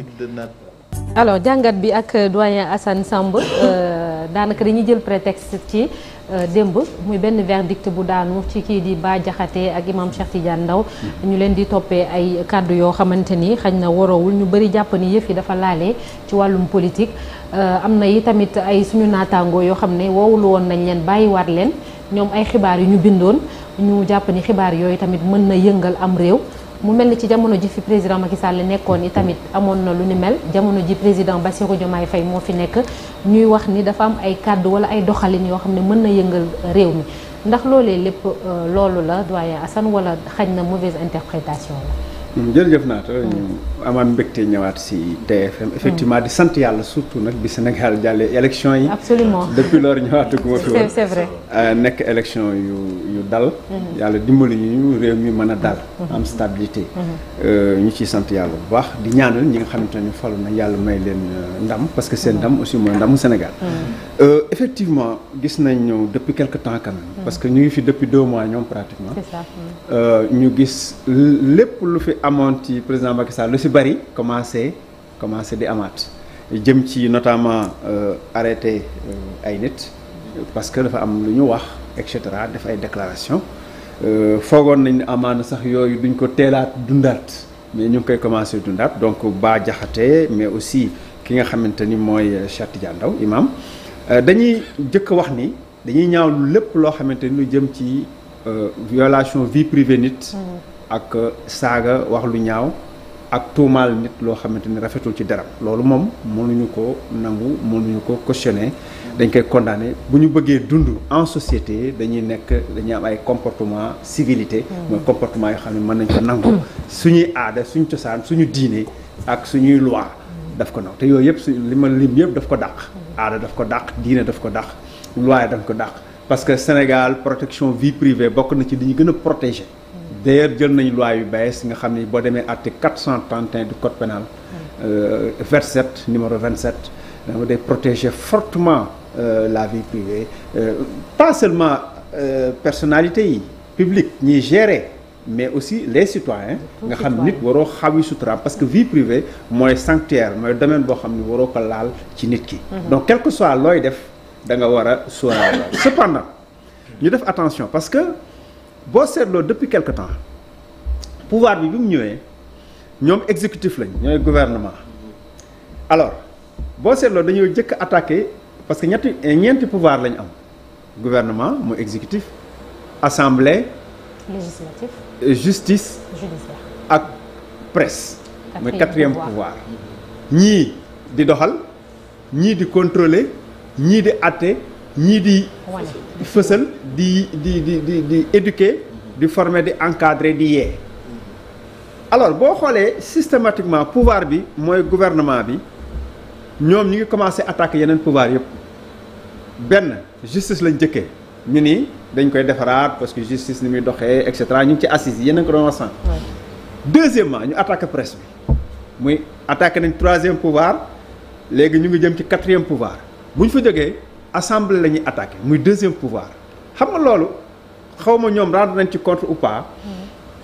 pratique alors jàngat bi ak euh, doyen assan Samb euh, daanaka dañuy jël prétexte ci euh, démb muy benn verdict bu daanu ci kii di Bah Diakhaté ak imam Cheikh Tidiane Ndao ñu leen di toppee ay kàddu yoo xamante ni xañ na waroowul ñu bëri jàpp ni yëf yi dafa laale ci wàllum politique am na yi tamit ay suñu naataangoo yoo xam ne woowul woon nañ leen bàyyiwaat leen ñoom ay xibaar yu ñu bindoon ñu jàpp ni xibaar yooyu tamit mën na yëngal am réew mu mel ni ci jamono ji fi président Macky Sall nekkoon i tamit amoon na lu ni mel jamono ji président ba Bassirou Diomaye fay moo fi nekk ñuy wax ni dafa am ay kàddu wala ay doxalin yoo xam ne mën na yëngal réew mi ndax loolee lépp euh, loolu la doyen Assane wala xañ na mauvaise interprétation la jërëjëf naata ñu amaat mbégte ñëwaat si TFM effectivement di sant yàlla surtout nag bi Sénégal jàllee élection yi absolument depuis lors ñëwaatuguma fi woon c'est vrai euh, nekk élection yu dal mhm. yàlla dimbali ñu réew mi mën a dal mhm. am stabilité mhm. euh, ñu ciy sant yàlla bu baax di ñaanal ñi nga xamante ne falu na yàlla may leen euh, ndam parce que seen ndam aussi mooy ndamu Sénégal effectivement gis nañu depuis quelque temps quand même parce que ñu ngi fi depuis deux mois ñoom pratiquement ñu gis amoon ci président Macky Sall lu si bëri commencé commencé di amaat jëm ci notamment euh, arrêté euh, ay nit parce que dafa am lu ñu wax et cetera def ay déclaration euh, foogoon nañ amaana sax yooyu duñ ko teelaat dundaat mais ñu ngi koy commencé dundaat donc Bah Diakhaté mais aussi ki nga xamante ni mooy Cheikh Tidiane Ndao imam dañuy jëkk wax ni dañuy ñaaw lépp loo xamante ni lu jëm ci violation vie privée nit mm-hmm. ak saaga wax lu ñaaw ak tuumaal nit loo xamante ni rafetul ci dara loolu moom mënuñu ko nangu mënuñu ko cautionner dañ koy condamné bu ñu bëggee dund en société dañuy nekk dañuy am ay comportement civilité hmm. mooy comportement yoo xam ne mën nañ ko nangu hmm. suñuy aada suñu cosaan suñu diine ak suñuy loi daf ko nangu te yooyu yëpp su li ma lim yëpp daf ko dàq aada daf ko dàq diine daf ko dàq loi daf ko dàq parce que Sénégal protection vie privée bokk na ci li ñu gën a protéger d'ailleurs jël nañu loi yu bees nga xam ni boo demee article 431 du code pénal euh, 27 numéro 27 dama day protéger fortement euh, la vie privée euh, pas seulement euh, personnalité yi publique ñiy gérer mais aussi les citoyens nga xam nit waroo xawi sutura parce que vie privée mooy sanctuaire mooy domaine boo xam ni waroo ko laal ci nit ki mhm. donc quel soit looy def da nga war a sóoraale cependant ñu def attention parce que boo seetloo depuis quelque temps pouvoir bi bi mu ñëwee ñoom exécutif lañ ñooy gouvernement alors boo seetloo dañoo jëkk attaqué parce que ñetti ñeenti pouvoir lañ am gouvernement mu exécutif assemblée législatif justice ak presse mooy quatrième pouvoir ñii di doxal ñii di contrôler ñii di àtte ñii di fësal di di di di di éduquer di former di encadrer di yee alors boo xoolee systématiquement pouvoir bi mooy gouvernement bi ñoom ñu ngi commencé attaquer yeneen pouvoir yëpp benn justice lañ jëkkee ñu ni dañ koy defaraat parce que justice ni muy doxee et cetera ñu ngi ci assise yeneen ko doon wax sànq deuxièmement ñu attaqué presse bi muy attaqué nañ troisième pouvoir léegi ñu ngi jëm ci quatrième pouvoir bu ñu fa jógee assemblée la ñuy attaqué muy deuxième pouvoir xam nga loolu xaw ma ñoom rendre nañ ci compte ou pas.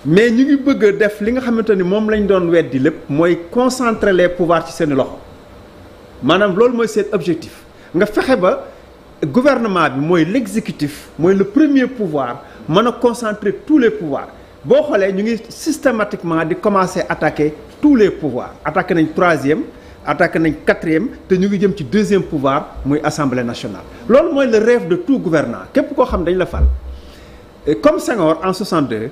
mais ñu ngi bëgg a def li nga xamante ni moom lañ doon di lépp mooy concentrer les pouvoirs ci seen loxo maanaam loolu mooy seen objectif nga fexe ba gouvernement bi mooy l'exécutif mooy le premier pouvoir mën a concentrer tous les pouvoirs boo xoolee ñu ngi systématiquement di commencer attaquer tous les pouvoirs attaqué nañ troisième. attaqué nañ quatrième te ñu ngi jëm ci deuxième pouvoir muy assemblée nationale. loolu mooy le rêve de tout gouvernant képp koo xam dañ la fal comme Senghor en 62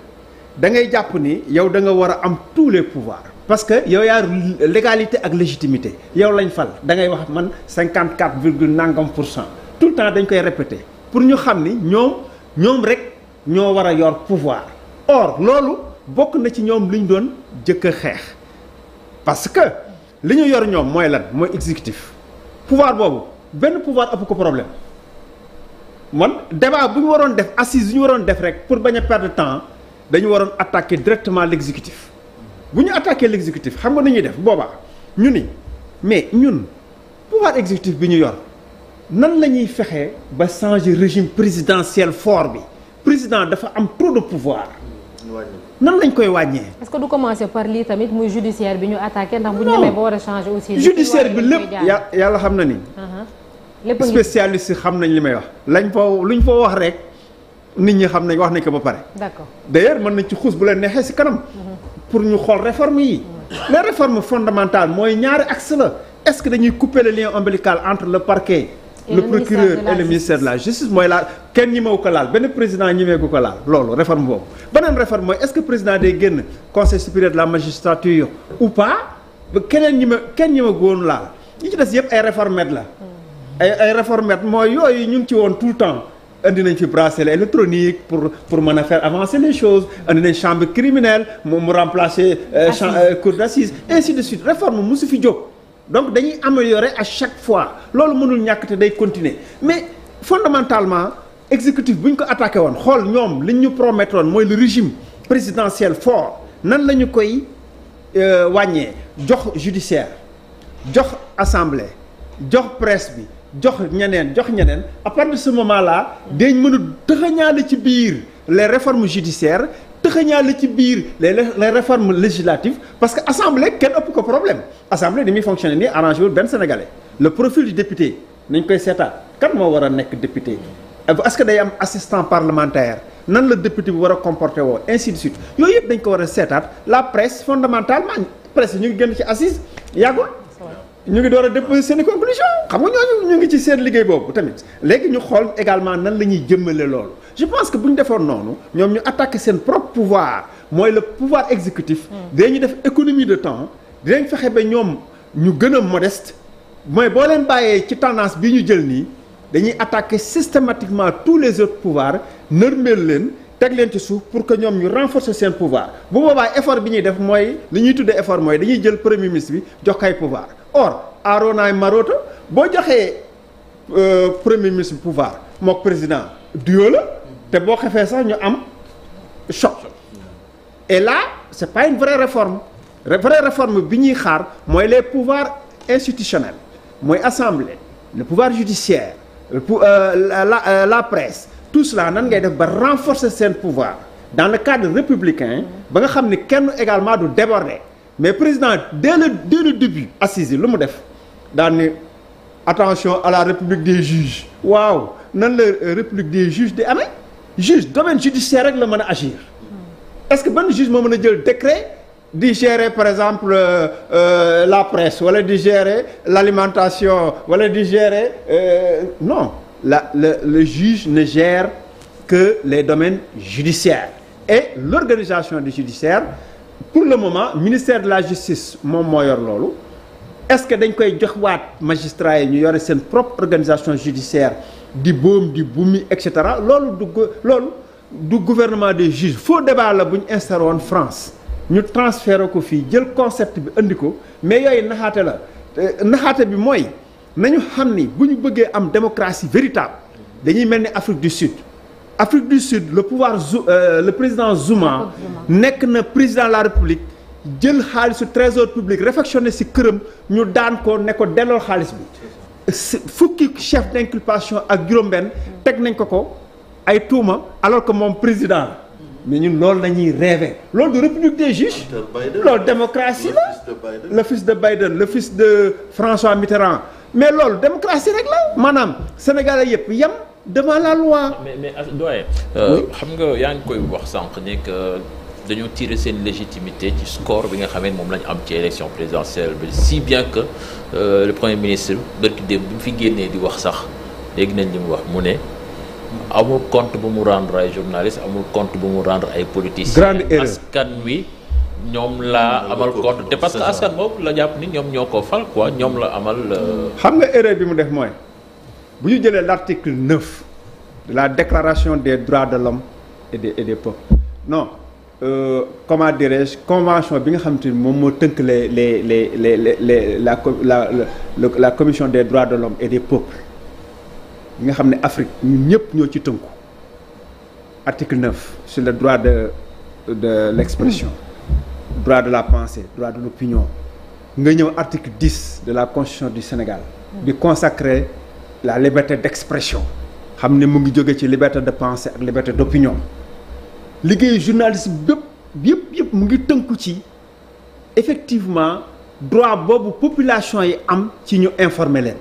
da dangay jàpp ni yow da nga war a am tous les pouvoirs. parce que yow yaa légalité ak légitimité yow lañ fal dangay ngay wax man 54 virgule nangam pour cent tout le temps dañ koy répéter pour ñu xam ni ñoom ñoom rek ñoo war a yor pouvoir. or loolu bokk na ci ñoom lu ñu doon jëkk a xeex parce que. li ñu yor ñoom mooy lan mooy exécutif pouvoir boobu benn pouvoir ëpp ko problème man débat bu ñu waroon def assise yu ñu waroon def rek pour bañ a perdre temps dañu waroon attaquer directement l'exécutif bu ñu attaquer l'exécutif xam nga nu ñuy def booba ñu ni mais ñun pouvoir exécutif bi ñu yor nan la ñuy fexee ba changer régime présidentiel fort bi président dafa am trop de pouvoir nan lañ koy wàññee. est que du commencer par lii tamit muy judiciaire bi ñu attaqué ndax bu ñu ba war a changer aussi. judiciaire bi lépp yàlla xam na ni. Uh-huh. lépp spécialiste xam nañ li may wax. lañ foo ñu foo wax rek nit ñi xam nañ wax nañ ko ba pare. d'accord mën nañ ci xuus bu leen neexee ci kanam. Uh-huh. pour ñu xool réforme yi. Uh-huh. les réformes fondamentales mooy ñaari axe la est-ce que dañuy couper le lien ombilical entre le parquet. le procureur et le ministère de la justice mooy laal kenn ñimewu ko laal benn président ñimeeku ko laal loolu réforme boobu beneen réforme mooy est-ce que président day génn conseil supérieur de la magistrature ou pas keneen ñi ma kenn ñi ma góon laal yi ci des yëpp ay réformettes la ay ay réformettes mooy yooyu ñu ngi ci woon tout le temps indi nañ fi bracelet électronique pour pour mën a faire avancer les choses indi nañ chambre criminelle mu remplacer euh, euh, cour d'assises ainsi de suite réforme mosu fi jóg donc dañuy améliorer à chaque fois loolu mënul ñàkk te day continuer mais fondamentalement exécutif bu ñu ko attaqué woon xool ñoom li ñu promettre woon mooy le régime présidentiel fort nan la ñu koy euh, wàññee jox judiciaire jox assemblée jox press bi jox ñeneen jox ñeneen à partir de moment là dañ mën a dëxañaale ci biir les réformes judiciaires tëxëñaale ci biir les réforme réformes législatives parce que assemblée kenn ëpp ko problème assemblée ni muy fonctionner nii arrangé wul benn sénégalais le profil du député nañ koy seetaat kan moo war a nekk député est-ce que day am assistant parlementaire nan la député bi war a comporté woo ainsi de suite yooyu yëpp dañ ko war a seetaat la presse fondamentalement presse ñu ngi gën ci assise yàggul ñu ngi door a déposer seen i conclusion xam nga ñooñu ñu ngi ci seen liggéey boobu tamit léegi ñu xool également nan la ñuy jëmmale loolu je pense que bu ñu defoon noonu ñoom ñu attaquer seen propre pouvoir mooy le pouvoir exécutif hmm. ñu def économie de temps dinañ fexe ba ñoom ñu gën a modeste mooy boo leen bàyyee ci tendance bi ñu jël nii dañuy attaquer systematiquement tous les autres pouvoirs nërmeel leen teg leen ci suuf pour que ñoom ñu renforcer seen pouvoir bu boobaa effort bi ñuy def mooy li ñuy tuddee effort mooy dañuy jël premier ministre bi jox kay pouvoir or aaronaay marota boo joxee euh, premier ministre pouvoir mook président duo la te boo xefee sax ñu am choc et la c'est pas une réforme la réforme bi ñuy xaar mooy les pouvoirs institutionnels mooy assemblée le pouvoir judiciaire euh, la la euh, presse tout cela nan ngay def ba renforcer seen pouvoir dans le cadre républicain ba nga xam ni kenn également du déborder mais président dès le dès le début assise yi lu mu def daan ni attention à la république des juges waaw nan la euh, république des juges di amee juge domaine judiciaire rek la mën a agir est-ce que ban juge moo mën a jël décret di gérer par exemple euh, euh, la presse wala di gérer l'alimentation wala di gérer euh, non la, le, le juge ne gère que les domaines judiciaires et l'organisation du judiciaire pour le moment ministère de la justice moom moo yor loolu est-ce que dañ koy jox waat magistrats yi ñu yore seen propre organisation judiciaire di boom di bumi et cetera loolu du loolu du gouvernement des juges faux débat la bu ñu instauré woon France ñu transféré ko fii jël concept bi indi ko mais yooyu naxaate la euh, naxaate bi mooy nañu xam ni bu ñu bëggee am démocratie véritable dañuy mel ni Afrique du Sud Afrique du Sud le pouvoir euh, le président Zuma nekk na président la République jël xaalisu trésor public réfectionné ci këram ñu daan ko ne ko delloo xaalis bi fukki chef d'inculpation ak juróom-benn teg nañ ko ko ay tuuma alors que moom président ñu ñun loolu lañuy rêver loolu du république des juges loolu démocratie la le fils de Biden le fils de François Mitterrand mais loolu démocratie rek la maanaam sénégalais yëpp yem devant la loi. Ah, mais mais doye. Euh, xam nga yaa ngi koy wax sànq ne que dañoo tirer seen légitimité ci score bi nga xamee moom la ñu am ci élection présidentielle bi si bien que euh, le premier ministre bërki démb bi mu fi génnee di wax sax léegi nañ li mu wax mu ne. amul compte bu mu rendre ay journalistes amul compte bu mu rendre ay politiciens. grande erreur askan wi. ñoom laa amal compte te parce que askan la jàpp ni ñoom ñoo ko fal quoi ñoom la amal. Euh, xam nga erreur bi mu def mooy bu ñu jëlee l' article neuf de la déclaration des droits de l'homme et des et des peuples non euh, comment dirais-je convention bi nga xam ni moom moo tënk les les les les les la la la la commission des droits de l'homme et des peuples bi nga xam ne Afrique ñun ñëpp ñoo ci tënku article neuf sur le droit de de l' droit de la pensée droit de l'opinion nga ñëw article 10 de la constitution du Sénégal bi consacrer la liberté d'expression xam ne mu ngi jóge ci liberté de pensée ak liberté d'opinion liggéeyu journaliste bépp yëpp yëpp mu ngi tënku ci effectivement droit boobu population yi am ci ñu informer leen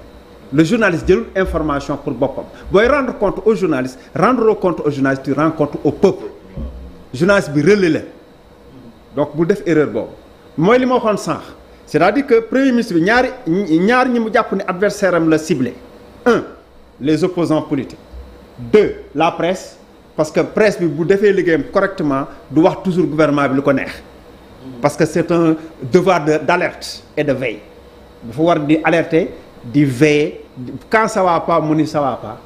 le journaliste jëlul information pour boppam booy rendre compte au journaliste rendre compte au journaliste tu rends compte au peuple journaliste bi relais la donc bu def erreur boobu mooy li ma waxoon sànq c'est-à-dire que premier ministre bi ñaari ñaar ñi mu jàpp ne adversaire am la ciblé un les opposants politiques deux la presse parce que presse bi bu defee liggéeyam correctement du wax toujours gouvernement bi lu ko neex parce que c'est un devoir de d'alerte et de veille dafa war di alerte di veiller quand ça mu ni ça va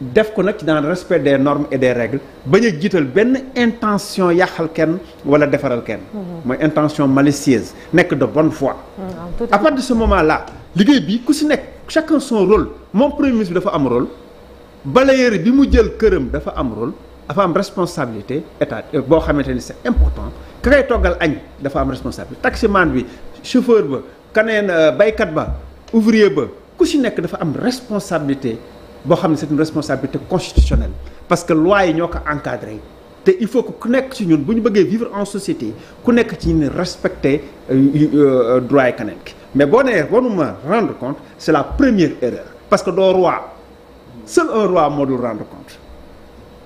def ko nag ci dans le respect des normes et des règles bañ jiital benn intention yàqal kenn wala defaral kenn. Mhm. mooy intention malicieuse nekk de bonne foi. Mhm, à partir de ce moment là liggéey bi ku si nekk chaque son rôle moom premier ministre bi dafa am rôle balayeur bi mu jël këram dafa am rôle dafa am responsabilité état euh, boo xamante ni c'est important ka ngay toggal añ dafa am responsabilité taximan bi chauffeur ba kaneen euh, baykat ba ouvrier ba ku si nekk dafa am responsabilité. boo xam ne c'est une responsabilité constitutionnelle parce que loi yi ñoo ko encadré te il faut que ku nekk ci ñun bu ñu bëggee vivre en société ku nekk ci ñun respecter euh, euh, euh, droit yi keneen ki mais boo nee boo nu ma rendre compte c'est la première erreur parce que doo roi seul un roi moo dul rendre compte.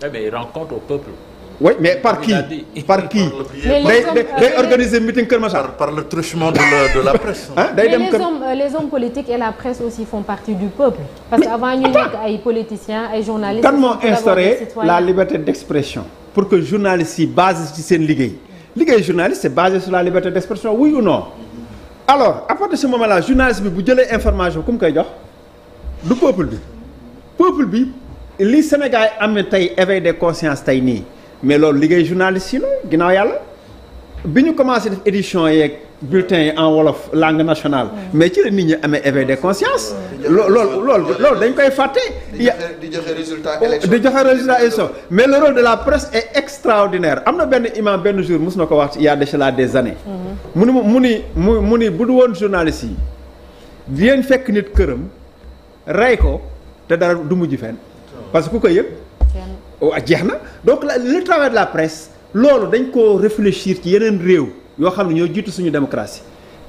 mais eh il rend compte oui mais par qui par qui day day euh, organiser meeting Kër Massar. par le truchement de la de la presse. ah day dem les euh, les hommes politiques et la presse aussi font partie du peuple. parce que avant ñu nekk ay politiciens ay journalistes. kan moo instauré la liberté d'expression pour que journalistes yi basé ci seen liggéey liggéey journaliste c'est basé sur la liberté d'expression oui ou non. alors à de ce moment-là journaliste bi bu jëlee information ku mu koy jox du bi li Sénégal am na tey des consciences tey nii. mais loolu liggéey journaliste yi la ginnaaw yàlla bi ñu commencé def édition yeeg bulletin yi en wolof langue nationale. mais ci la nit ñi amee éveil de conscience. loolu lool lool dañ koy fàtte. di joxe résultat oh, élection di joxe résultat élection mais le de la presse est extraordinaire am na benn imam benn jour mos na ko wax il y a de des années. Mhm. mu ni mu ni mu mu ni bu du woon journaliste yi di leen fekk nit këram rey ko te dara du mujj fenn parce que ku ko yëg. Oh, ah, jeex na donc le travail de la presse loolu dañ ko réfléchir ci yeneen réew yoo xam ne ñoo jiitu suñu démocratie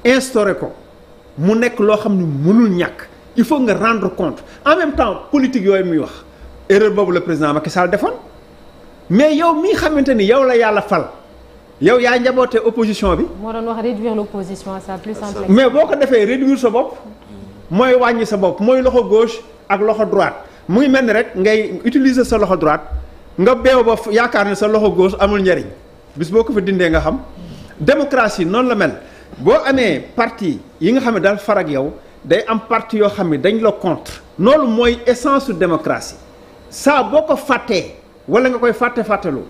instauré ko mu nekk loo xam ne mënul ñàkk il faut nga rendre compte en même temps politique yooyu muy wax erreur boobu la président Macky Sall defoon mais yow mi xamante ni yow la yàlla fal yow yaa njaboote opposition bi. moo doon wax réduire l'opposition à sa plus simple. mais boo ko defee réduire sa bopp mooy wàññi sa bopp mooy loxo gauche ak loxo droite mu ngi mel ni rek ngay utiliser sa loxo droite. nga beew ba yaakaar ne sa loxo gauche amul njariñ bis boo ko fi dindee nga xam démocratie noonu la mel boo amee parti yi nga xam ne daal ak yow day am parti yoo xam ne dañ la contre loolu mooy essence su démocratie saa boo ko fàttee wala nga koy fàtte fàttelu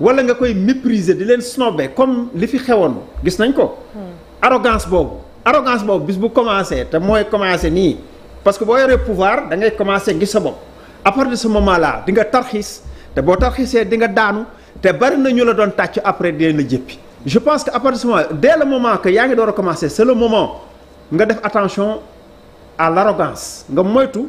wala nga koy mépriser di leen snobé comme li fi xewoon gis nañ ko hmm. arrogance boobu arrogance boobu bis bu commencé te mooy commencé nii parce que boo yoree pouvoir dangay ngay commencé gis sa bopp à partir de di nga tarxiis te boo tarxiisee di nga daanu te bari na ñu la doon tàcc après dinañ la jëppi je pense que à partir de ce moment dès yaa ngi door a commencer c'est le moment nga def attention à l'arrogance nga moytu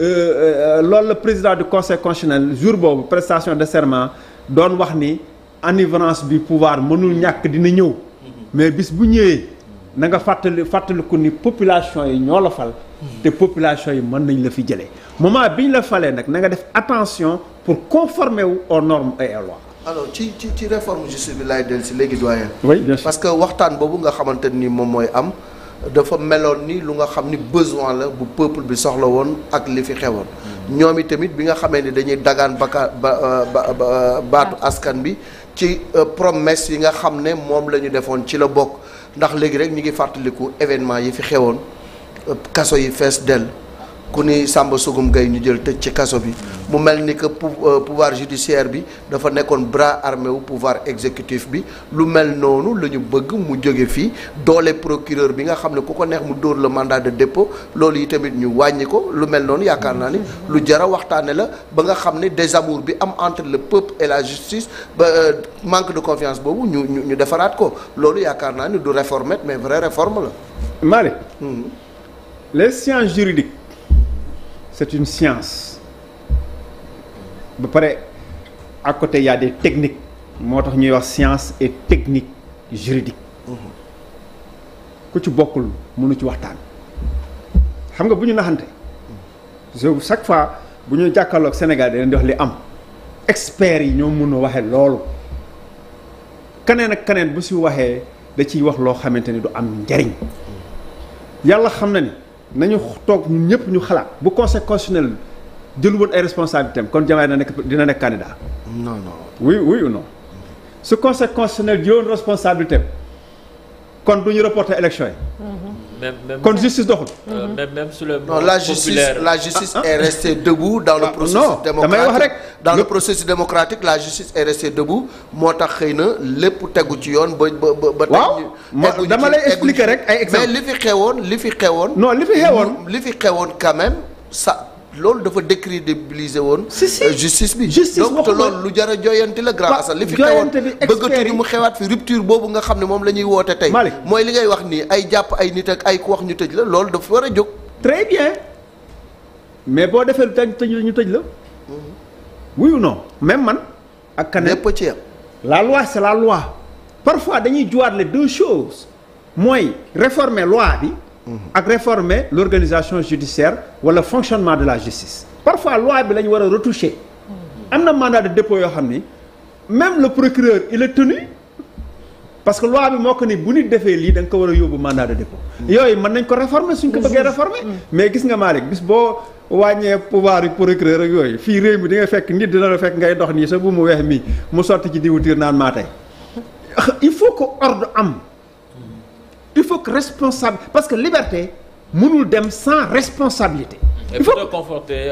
euh, euh, loolu la président du conseil constitutionnel jour boobu prestation de serment doon wax ni enivrance bi pouvoir mënul ñàkk dina ñëw mais bis bu ñëwee na nga fàttali fàttaliku ni population yi ñoo la fal te population yi mën nañ la fi jëlee moment bi ñu la falee nag na nga def attention pour conformer wu aux norme et aux alors ci ci ci réforme justice bi laay dellu si léegi doyen. parce que waxtaan boobu nga xamante ni moom mooy am dafa meloon ni lu nga xam ni besoin la bu peuple bi soxla woon ak li fi xewoon. ñoom i tamit bi nga xamee ni dañuy dagaan baka ba euh, baatu askan bi ci euh, promesse yi nga xam ne moom la ñu defoon ci la bokk ndax léegi rek ñu ngi fàttaliku événement yi fi xewoon euh, kaso yi fees dell. ku ni Samba Sugum Gueye ñu jël tëj ci kaso bi mu mel ni que euh, pouvoir judiciaire bi dafa nekkoon bras armé wu pouvoir exécutif bi lu mel noonu la bëgg mu jóge fii doole procureur bi nga xam ne ku ko neex mu dóor la mandat de dépôt loolu yi tamit ñu wàññi ko lu mel noonu yaakaar naa ni lu jara waxtaane la ba nga xam ne désamour bi am entre le peuple et la justice ba euh, manque de confiance boobu ñu ñu ñu defaraat ko loolu yaakaar naa ni du réformer mais vraie réforme la. Marie. Mmh. les sciences c'est une science ba pare ak côté y a des techniques moo tax ñuy wax science et technique juridique ku ci bokkul mënu ci waxtaan xam nga bu ñu naxante chaque fois bu ñu jàkkaarloog Sénégal dañu di wax li am experts yi ñoo mën waxe loolu keneen ak keneen bu si waxee da ciy wax loo xamante ni du am njariñ yàlla xam na ni nañu toog ñun ñëpp ñu xalaat bu conseil constitutionnel jël woon ay kon Diomaye na dina nekk candidat. non non oui oui ou non. su conseil constitutionnel jëloon kon du ñu reporter élection yi. même même kon justice doxul. Euh, même même la justice la justice est restée debout. dans le processus démocratique dans le la justice est restée moo tax xëy na lépp tegu ci yoon ba ba ba. waaw dama lay expliquer rek ay exemple mais li fi xewoon li fi xewoon. non li fi xewoon. li fi xewoon quand même sa. loolu dafa décrédibiliser woon. si si euh, justice bi. justice donc te loolu lu jar a jooyanti la. grand Assane li fi xewoon bëggatuñu mu xewaat fi rupture boobu nga xam ne moom la ñuy woote tey. mooy li ngay wax nii ay jàpp ay nit ak ay ku wax ñu tëj la loolu dafa war a jóg. très bien mais boo defee lu tëj ñu tëj la. Mm-hmm. oui ou non même man. ak kanam lépp ci yam la loi c'est la loi. parfois dañuy juwaat les deux choses mooy réformer loi bi. ak réformer l'organisation judiciaire wala fonctionnement de la justice parfois loi bi la ñu war a retoucher am na mandat de dépôt yoo xam ni même le procureur il est tenu parce que loi bi moo ko ni bu nit defee lii da ko war a yóbbu mandat de dépôt yooyu mën nañ ko réformer suñ ko mm. bëggee réformer mm. mais gis nga Malick bis boo wàññee pouvoir yi procureur ak yooyu fii réew mi di nga fekk nit dina la fekk ngay dox nii sa bu mu weex mi mu sotti ci diwtiir naan maa tey il faut que ordre am il faut que responsable parce que liberté mënul dem sans responsabilité. il faut que conforter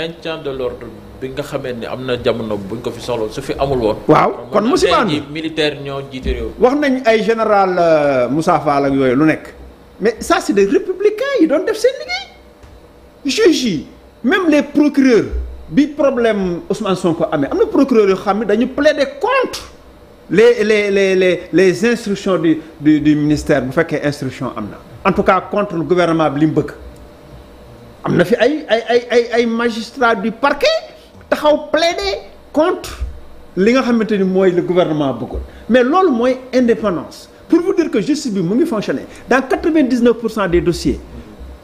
maintien de l'ordre bi nga xamee ni am na jamono buñ ko fi soxla su fi amul woon. waaw kon musiba am militaire ñoo jiite wax nañ ay général euh, Moussa Fall ak yooyu lu nekk mais ça c'est des républicains yi doon def seen liggéey juges même les procureurs bi problème Ousmane Sonko amee am na procureurs yoo xam ne dañu plaider contre. les les les les les instructions du du du ministère bu fekkee instruction am na en tout cas contre le gouvernement bi li mu bëgg am na fi ay ay ay ay ay magistrats du parquet taxaw plaider contre li nga xamante ni mooy le gouvernement bëggoon mais loolu mooy indépendance pour vous dire que justice bi mu ngi fonctionner dans quatre vingt dix pour cent des dossiers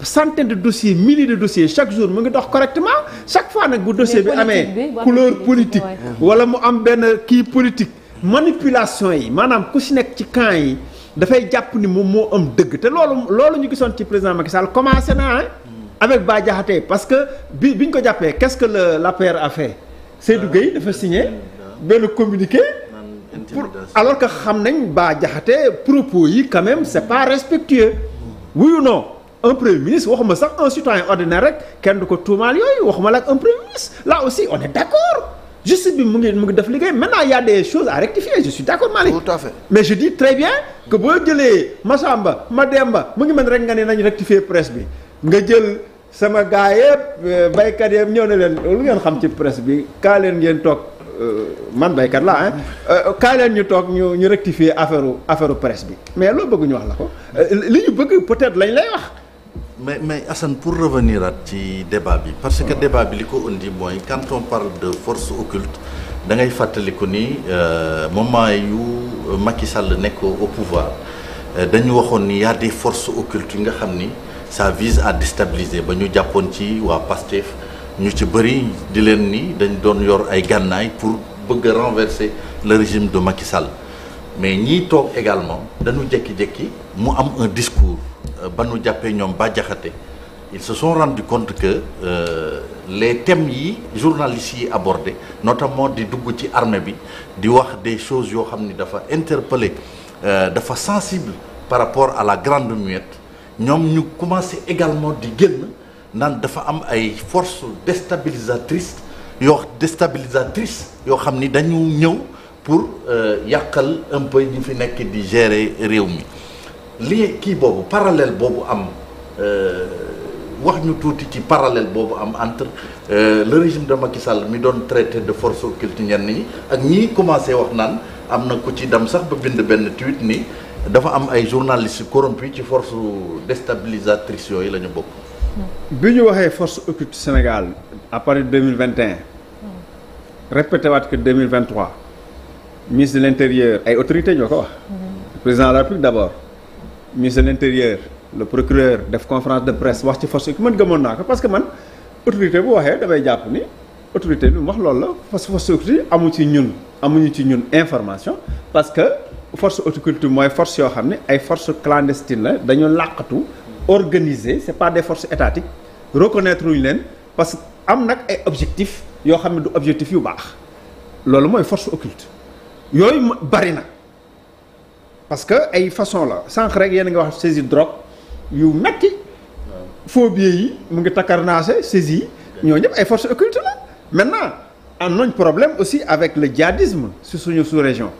centaines de dossiers milliers de dossiers chaque jour mu ngi dox correctement chaque fois nag bu dossier bi amee couleur politique wala mu am benn kii politique manipulation yi maanaam ku si nekk ci camp yi dafay jàpp ni moom moo am dëgg te loolu loolu ñu gisoon ci président Macky Sall commencé na hmm. avec Bah Diakhaté parce que bi bi ñu ko jàppee qu'est-ce que le l'APR a fait Seydou ah, Gueye dafa signé benn communiqué pour alors que xam nañ Bah Diakhaté propos yi quand même c'est pas respectueux oui ou non un premier ministre waxuma sax un citoyen ordinaire rek kenn du ko tuumaal yooyu waxuma la ak un premier ministre là aussi on est justice bi mu ngi mu ngi def liggéey maintenant il y a des choses à rectifier je suis d'accord Malick tout à fait mais je dis très bien que boo jëlee Massamba Mademba mu ngi mel rek nga ne nañ rectifier presse bi nga jël sama gars yëpp euh, baykat yëpp ñëw ne leen lu ngeen xam ci presse bi kaa leen ngeen toog euh, man baykat la ah euh, kaa leen ñu toog ñu ñu rectifier affaire affaire presse bi mais loo bëgg ñu wax la ko li ñu bëgg peut-être lañ lay wax mais mais Assane pour revenir ci débat bi parce que débat bi li ko indi mooy quand on parle de force occulte da ngay fàttaliku ni euh, moment yu euh, Macky Sall nekk au pouvoir euh, dañu waxoon ni yaa a force forces occultes nga xam ni ça vise à déstabiliser ba ñu jàppoon ci waa Pastef ñu ci bëri di leen ni dañ doon yor ay gànnaay pour bëgg renverser le régime de Macky Sall mais ñiy toog également dañu jékki-jékki mu am un discours Euh, ba nu jàppee ñoom ba jaxate ils se sont rendu compte que euh, les thèmes yi journalistes yi abordé notamment di dugg ci armée bi di wax des choses yoo xam ni dafa interpellé euh, dafa sensible par rapport à la grande muette ñoom ñu commencé également di génn naan dafa am ay force déstabilisatrices yoo déstabilisatrices yoo xam ni dañu ñëw pour euh, yàqal un peu ñi fi nekk di gere réew mi lii kii boobu parallèle boobu am euh, wax ñu tuuti ci parallèle boobu am entre euh, le régime de Macky Sall mi doon traité de force occulte ñenn ñi ak ñii commencé wax naan am na ku ci dem sax ba bind benn tweet nii dafa am ay journalistes corrompus ci force déstabilisatrice yooyu la ñu bokk. bi ñu waxee force occulte Sénégal à partir de 2021 répété waat que 2023 ministre de l' intérieur ay autorité ñoo ko mm-hmm. président de la ministre de l'intérieur le procureur def conférence de presse wax ci force yi man gëmoon naa ko parce que man autorité bu waxee damay jàpp ni autorité bi mu wax loolu la parce que force sécurité amu ci ñun amuñu ci ñun information parce que force autorité mooy force yoo xam ne ay force clandestine la dañu làqatu organisé c'est pas des force étatique reconnaître ñu leen parce que am nag ay objectifs yoo xam ne du objectif yu baax loolu mooy force occulte yooyu bari na parce que ay façon la sànq rek yéen nga wax saisi drogue yu metti phobie yi mu ngi takkarnaase saisi ñoo ñëpp ay force occultes la maintenant am nañ problème aussi avec le djihadisme si suñu sous-région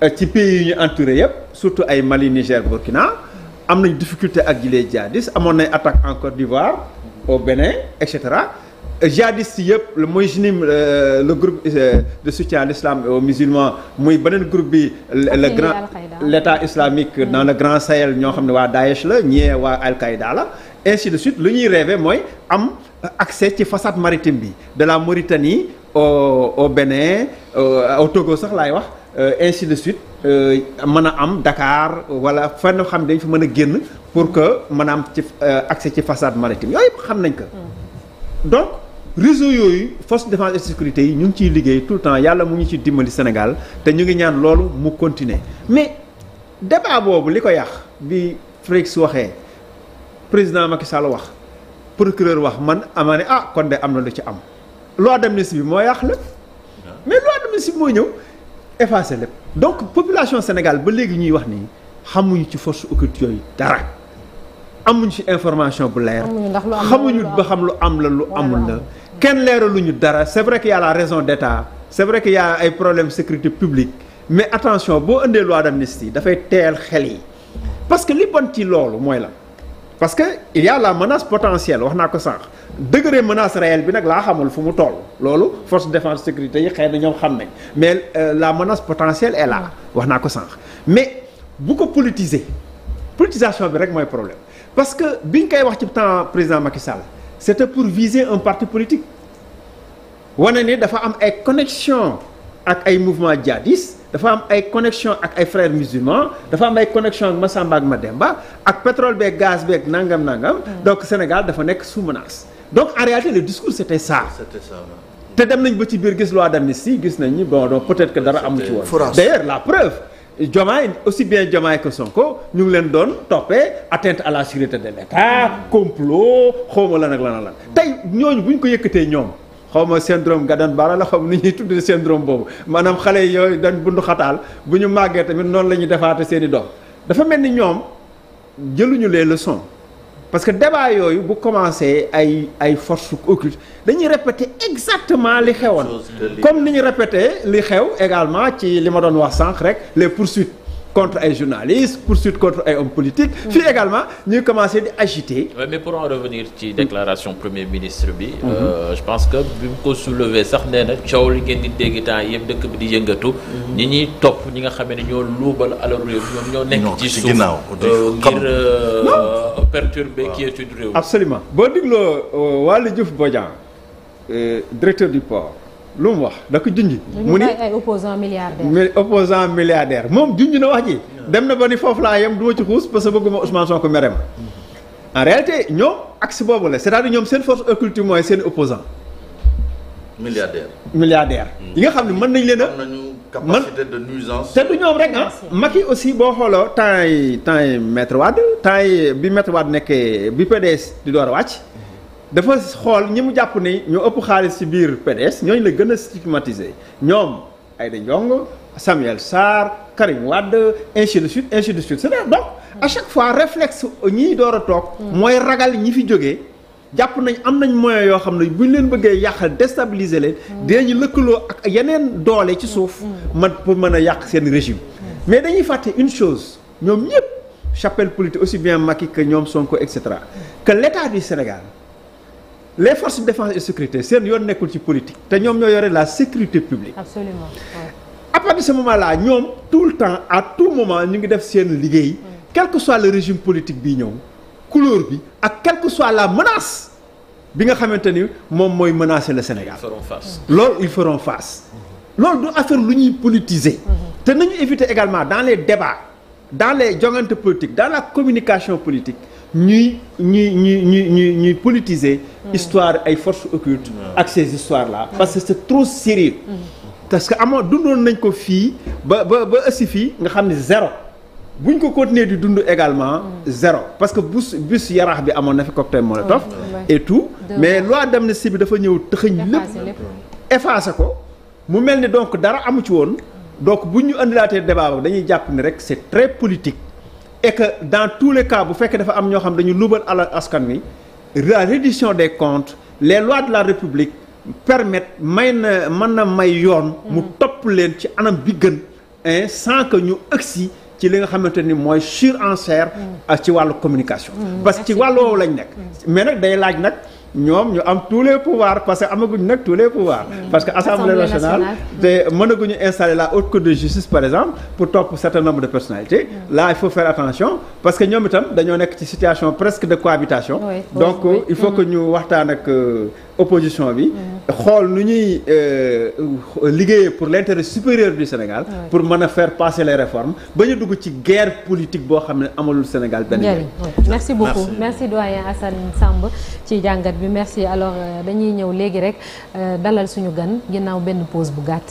euh, ci pays yu ñu enture yëpp surtout ay Mali Niger Burkina am nañ difficulté ak jilee djihadistes amoon nañ attaque en Côte d'Ivoire au Bénin et cetera jihadiste yëpp le Mujnim euh, le groupe euh, de soutien à l'islam et muy beneen groupe bi le grand l'état islamique mm. dans le grand Sahel ñoo xam ne waa Daesh la ñee waa Al-Qaïda la ainsi de lu ñuy rêver mooy am accès ci façade maritime bi de la Mauritanie o au Bénin euh, au Togo sax laay wax ainsi de suite mën a am Dakar wala fenn xam dañ fi mën a génn pour que mën a am ci accès ci façade maritime yooyu xam nañ ko mm. réseau yooyu force de et sécurité yi ñu ngi ciy liggéey tout le temps yàlla mu ngi ci dimbali Sénégal te ñu ngi ñaan loolu mu continuer mais débat boobu li ko yàq bi Félix waxee président Macky Sall wax procureur wax man ama ne ah kon de am na lu ci am loi d'amnistie bi moo yàq la mais loi d'amnistie bi moo ñëw effacé lépp donc population Sénégal ba léegi ñuy wax nii xamuñu ci force occulte yooyu dara amuñu ci information bu leer xamuñu ba xam lu am la lu amul la kenn leeraluñu dara c'est vrai qu'il y a la raison d'état c'est vrai qu'il y ay problème sécurité publique mais attention boo indee loi d'amnistie dafay teel xel yi parce que li bon ci loolu mooy la parce que il y a la menace potentielle wax naa ko sànq degré menace réelle bi nag laa xamul fu mu toll loolu force de défense sécurité yi xëy na ñoom xam ne mais euh, la menace potentielle est là wax naa ko sànq mais bu ko politiser politisation bi rek mooy problème parce que biñ koy wax ci temps président Macky Sall c'était pour viser un parti politique wane ne dafa am ay connexion ak ay mouvement djihadiste dafa am ay connexion ak ay frères musulmans dafa am ay connexion ak Massamba ak Mademba ak pétrole beeg gaz beeg nangam nangam hmm. donc Sénégal dafa nekk sous menace donc en réalité le discours c'était ça c'était te dem nañ ba ci biir gis loi d'amnistie gis nañ ni bon donc peut-être que dara amu ci woon d'ailleurs la preuve Diomaye aussi bien Diomaye que Sonko ñu ngi leen doon toppee atteinte à la sécurité de l'État complot xawma lan ak lan ak lan tey ñooñu bu ñu ko yëkkatee ñoom xawma syndrome Gadan Bara la xam ni ñuy tuddee syndrome boobu maanaam xale yooyu dañ bundu xataal bu ñu màggee tamit noonu la ñuy defaate seeni i doom dafa mel ni ñoom jëluñu les leçons parce que débat yooyu bu commencé ay ay forces occultes dañuy répéter exactement li xewoon comme ni ñu répété li xew également ci li ma doon wax sànq rek les poursuites contre ay journalistes poursuite contre ay hommes politiques. Hmm. fii également ñuy commencé di agiter. oui mais pour en revenir ci hmm. déclaration premier ministre bi. Hmm. Euh, je pense que bi mu ko soulever sax nee coow li ngeen di dégg temps yëpp dëkk bi di yëngatu. ñi ñuy topp ñi nga xam ne ñoo luubal alalu réew ñoom ñoo nekk ci suuf euh, ngir euh, perturber quiétude réew. absolument boo dégloo Waly jëf Bodian directeur du port. lu mu wax da ko junj. mu ni ay opposant milliardaire. opposant moom junj na wax ji. dem na ba ni foofu laa yem du ma ci xuus parce que bëgguma Ousmane Sonko mere ma. en réalité ñoom axe boobu la c'est-à-dire ñoom seen force occulte mooy seen opposant milliardaire milliardaire. Hmm. yi nga xam ne mën nañ leen a. capacité de nuisance. te du ñoom rek ah. Macky aussi boo xooloo temps yi temps yi maître Wade temps yi bi maître Wade nekkee bi PDS di door a wàcc. dafa xool ñi mu jàpp nañ ñoo ëpp xaalis ci biir PDS ñooñu la gën a stigmatisé ñoom Aïda Ndiongue Samuel Sarr Karim Wade ainsi de suite ainsi de suite c'est donc à chaque fois réflexe ñiy door a toog hmm. mooy ragal ñi fi jóge jàpp nañ am nañ moyen yoo xam ne buñ leen bëggee yàq déstabiliser leen hmm. ñu lëkkaloo ak yeneen doole ci suuf hmm. ma pour mën a yàq seen régime mais dañuy fàtte une chose ñoom ñëpp chapelle politique aussi bien Macky que ñoom Sonko et cetera que l'état du Sénégal les force de défense et sécurité seen yoon nekkul ci politique te ñoom ñoo yore la sécurité publique. absolument ouais. à partir de ce ñoom tout le temps à tout moment ñu ngi def seen liggéey. quel que soit le régime politique bi ñëw couleur bi ak quelle que soit la menace bi nga xamante ni moom mooy menacer le Sénégal. ils feront face loolu ils feront mm-hmm. loolu du affaire lu ñuy politiser. Mm-hmm. te nañu éviter également dans les débat dans les jongante politique dans la communication politique. ñuy ñuy ñuy ñuy ñuy ñuy politiser hmm. histoire ay forces occultes hmm. ak ces histoires là hmm. parce que c'est trop sérieux parce que amoon dundoon nañ ko fii ba ba ba ëssi fii nga xam ne zéro buñ ko continuer di dund également zéro parce que bus bus yaraax bi amoon na fi cocktail molotov et tout mais loi d'amnistie bi dafa ñëw tëxëñ lépp effacé ko mu mel ni donc dara amu ci woon donc bu ñu indilaatee débat ba dañuy jàpp ni rek c'est très politique et dans tous les cas bu fekkee dafa am ñoo xam dañu lubal alal askan wi la reddition des comptes les lois de la république permettent may na man na may yoon. mu mm-hmm. topp leen ci anam bi gën. et ñu agsi ci li nga xamante ni mooy en surenchère. Mm. ci wàllu communication. Mm. parce que ci wàllu woowu lañ nekk. Mm. mais day laaj nag. ñoom ñu am tous les pouvoirs parce que amaguñ nag tous les mm. parce que assemblée nationale te mënaguñu installer la haute cour de justice par exemple pour topp certain nombre de personnalités. Mm. là il faut faire attention parce que ñoom itam dañoo nekk ci situation presque de cohabitation. donc il faut que mm. ñu waxtaan ak. Euh, opposition bi. xool nu ñuy euh, liggéeyee pour l'intérêt supérieur du Sénégal. pour mën a fair passer les réformes ba ñu dugg ci guerre politique boo xam ne amalul Sénégal benn merci beaucoup merci doyen Assane Samb ci jàngat bi merci alors euh, dañuy ñëw léegi rek euh, dalal suñu gan ginnaaw benn pose bu gàtt.